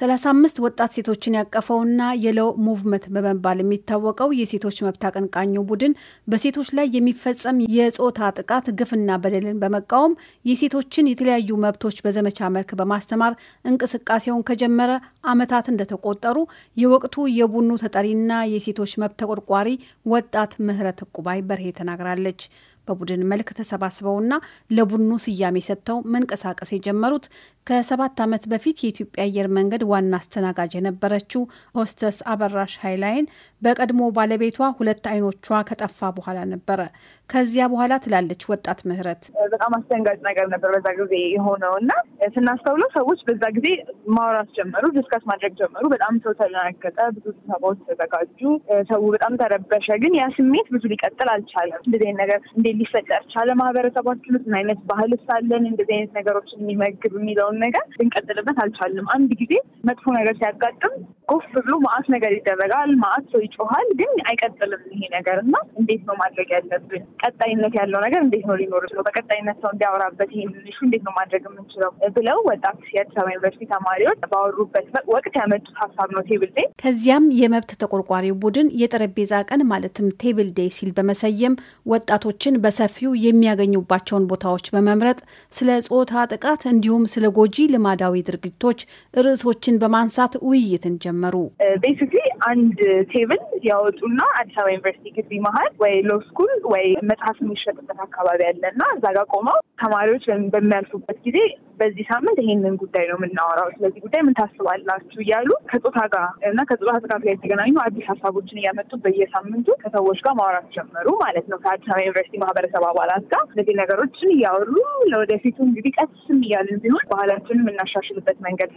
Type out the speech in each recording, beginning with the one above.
35 ወጣት ሴቶችን ያቀፈውና የለው ሙቭመንት በመባል የሚታወቀው የሴቶች መብት አቀንቃኙ ቡድን በሴቶች ላይ የሚፈጸም የጾታ ጥቃት ግፍና በደልን በመቃወም የሴቶችን የተለያዩ መብቶች በዘመቻ መልክ በማስተማር እንቅስቃሴውን ከጀመረ ዓመታት እንደተቆጠሩ የወቅቱ የቡኑ ተጠሪና የሴቶች መብት ተቆርቋሪ ወጣት ምህረት ቁባይ በርሄ ተናግራለች። በቡድን መልክ ተሰባስበውና ለቡድኑ ስያሜ ሰጥተው መንቀሳቀስ የጀመሩት ከሰባት ዓመት በፊት የኢትዮጵያ አየር መንገድ ዋና አስተናጋጅ የነበረችው ሆስተስ አበራሽ ኃይላይን በቀድሞ ባለቤቷ ሁለት አይኖቿ ከጠፋ በኋላ ነበረ። ከዚያ በኋላ ትላለች ወጣት ምህረት፣ በጣም አስደንጋጭ ነገር ነበር በዛ ጊዜ የሆነው እና ስናስተውለው ሰዎች በዛ ጊዜ ማውራት ጀመሩ፣ ዲስካስ ማድረግ ጀመሩ። በጣም ሰው ተደናገጠ፣ ብዙ ስብሰባዎች ተዘጋጁ፣ ሰው በጣም ተረበሸ። ግን ያ ስሜት ብዙ ሊቀጥል አልቻለም። እንደዚህ ነገር እንዴ እንዴት ሊፈጠር ቻለ? ማህበረሰባችን ውስጥ ምን አይነት ባህል ሳለን እንደዚህ አይነት ነገሮችን የሚመግብ የሚለውን ነገር ልንቀጥልበት አልቻልም። አንድ ጊዜ መጥፎ ነገር ሲያጋጥም ኮፍ ብሎ ማአት ነገር ይደረጋል፣ ማአት ሰው ይጮሃል፣ ግን አይቀጥልም ይሄ ነገር እና እንዴት ነው ማድረግ ያለብን? ቀጣይነት ያለው ነገር እንዴት ነው ሊኖር ነው? በቀጣይነት ሰው እንዲያወራበት ይሄን ኢሹ እንዴት ነው ማድረግ የምንችለው ብለው ወጣት የአዲስ አበባ ዩኒቨርሲቲ ተማሪዎች ባወሩበት ወቅት ያመጡት ሀሳብ ነው ቴብል ዴይ። ከዚያም የመብት ተቆርቋሪ ቡድን የጠረጴዛ ቀን ማለትም ቴብል ዴይ ሲል በመሰየም ወጣቶችን በሰፊው የሚያገኙባቸውን ቦታዎች በመምረጥ ስለ ጾታ ጥቃት እንዲሁም ስለ ጎጂ ልማዳዊ ድርጊቶች ርዕሶችን በማንሳት ውይይትን ጀመ ጀመሩ። ቤሲክሊ አንድ ቴብል ያወጡና አዲስ አበባ ዩኒቨርሲቲ ግቢ መሀል ወይ ሎ ስኩል ወይ መጽሐፍ የሚሸጥበት አካባቢ አለ እና እዛ ጋር ቆመው ተማሪዎች በሚያልፉበት ጊዜ በዚህ ሳምንት ይሄንን ጉዳይ ነው የምናወራው፣ ስለዚህ ጉዳይ ምን ታስባላችሁ እያሉ ከጾታ ጋር እና ከጾታ ጥቃት ጋር የተገናኙ አዲስ ሀሳቦችን እያመጡ በየሳምንቱ ከሰዎች ጋር ማውራት ጀመሩ ማለት ነው። ከአዲስ አበባ ዩኒቨርሲቲ ማህበረሰብ አባላት ጋር እነዚህ ነገሮችን እያወሩ ለወደፊቱ እንግዲህ ቀስም እያልን ቢሆን ባህላችንን የምናሻሽልበት መንገድ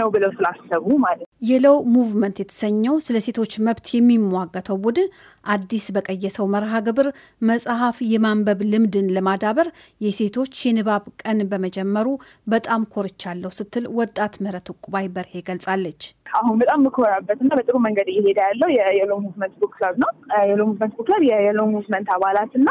ነው ብለው ስላሰቡ ማለት ነው። የለው ሙቭመንት የተሰኘው ስለ ሴቶች መብት የሚሟገተው ቡድን አዲስ በቀየሰው መርሃ ግብር መጽሐፍ የማንበብ ልምድን ለማዳበር የሴቶች የንባብ ቀን በመጀመሩ በጣም ኮርቻለሁ ስትል ወጣት ምህረት ቁባይ በርሄ ገልጻለች። አሁን በጣም ምኮራበት እና በጥሩ መንገድ እየሄደ ያለው የሎ ሙቭመንት ቡክ ክለብ ነው። የሎ ሙቭመንት ቡክ ክለብ የሎ ሙቭመንት አባላት እና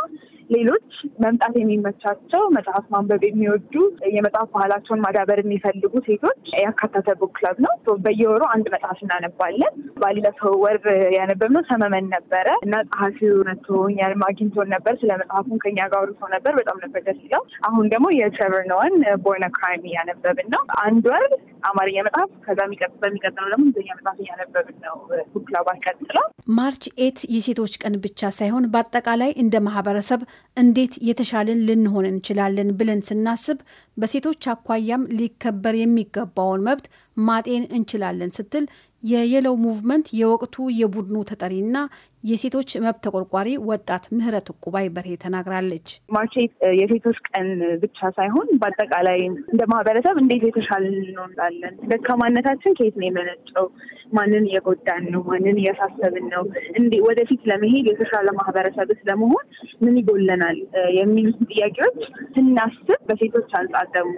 ሌሎች መምጣት የሚመቻቸው መጽሐፍ ማንበብ የሚወዱ የመጽሐፍ ባህላቸውን ማዳበር የሚፈልጉ ሴቶች ያካተተ ቡክ ክለብ ነው። በየወሩ አንድ መጽሐፍ እናነባለን። ባለፈው ወር ያነበብነው ሰመመን ነበረ እና ጸሐፊው ነቶኝ አግኝቶን ነበር። ስለ መጽሐፉን ከኛ ጋር አውርቶ ነበር። በጣም ነበር ደስ ይለው። አሁን ደግሞ የትሬቨር ኖዋን ቦርን ክራይም እያነበብን ነው። አንድ ወር አማርኛ መጽሐፍ ከዛ በሚቀጥለው ደግሞ እንግሊዝኛ መጽሐፍ እያነበብን ነው። ቡክ ክለቡ ቀጥለው ማርች ኤት የሴቶች ቀን ብቻ ሳይሆን በአጠቃላይ እንደ ማህበረሰብ እንዴት የተሻልን ልንሆን እንችላለን ብለን ስናስብ በሴቶች አኳያም ሊከበር የሚገባውን መብት ማጤን እንችላለን ስትል የየለው ሙቭመንት የወቅቱ የቡድኑ ተጠሪና የሴቶች መብት ተቆርቋሪ ወጣት ምህረት ቁባይ በርሄ ተናግራለች። ማርች የሴቶች ቀን ብቻ ሳይሆን በአጠቃላይ እንደ ማህበረሰብ እንዴት የተሻለ እንሆናለን፣ ደካማነታችን ከየት ነው የመነጨው፣ ማንን እየጎዳን ነው፣ ማንን እያሳሰብን ነው፣ ወደፊት ለመሄድ የተሻለ ማህበረሰብ ለመሆን ምን ይጎለናል የሚሉት ጥያቄዎች ስናስብ በሴቶች አንጻር ደግሞ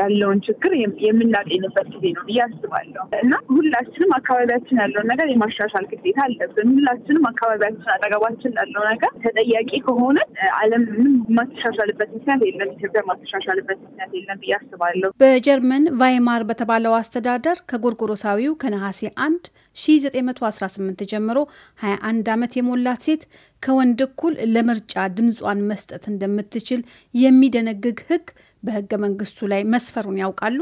ያለውን ችግር የምናጤንበት ጊዜ ነው ብዬ አስባለሁ እና ሁላችንም አካባቢያችን ያለውን ነገር የማሻሻል ግዴታ አለብን። ሁላችንም አካባቢያችን፣ አጠገባችን ላለው ነገር ተጠያቂ ከሆነ ዓለም ምንም ማተሻሻልበት ምክንያት የለም። ኢትዮጵያ ማተሻሻልበት ምክንያት የለም ብዬ አስባለሁ። በጀርመን ቫይማር በተባለው አስተዳደር ከጎርጎሮሳዊው ከነሐሴ አንድ 1918 ጀምሮ 21 ዓመት የሞላት ሴት ከወንድ እኩል ለምርጫ ድምጿን መስጠት እንደምትችል የሚደነግግ ሕግ በሕገ መንግስቱ ላይ መስፈሩን ያውቃሉ?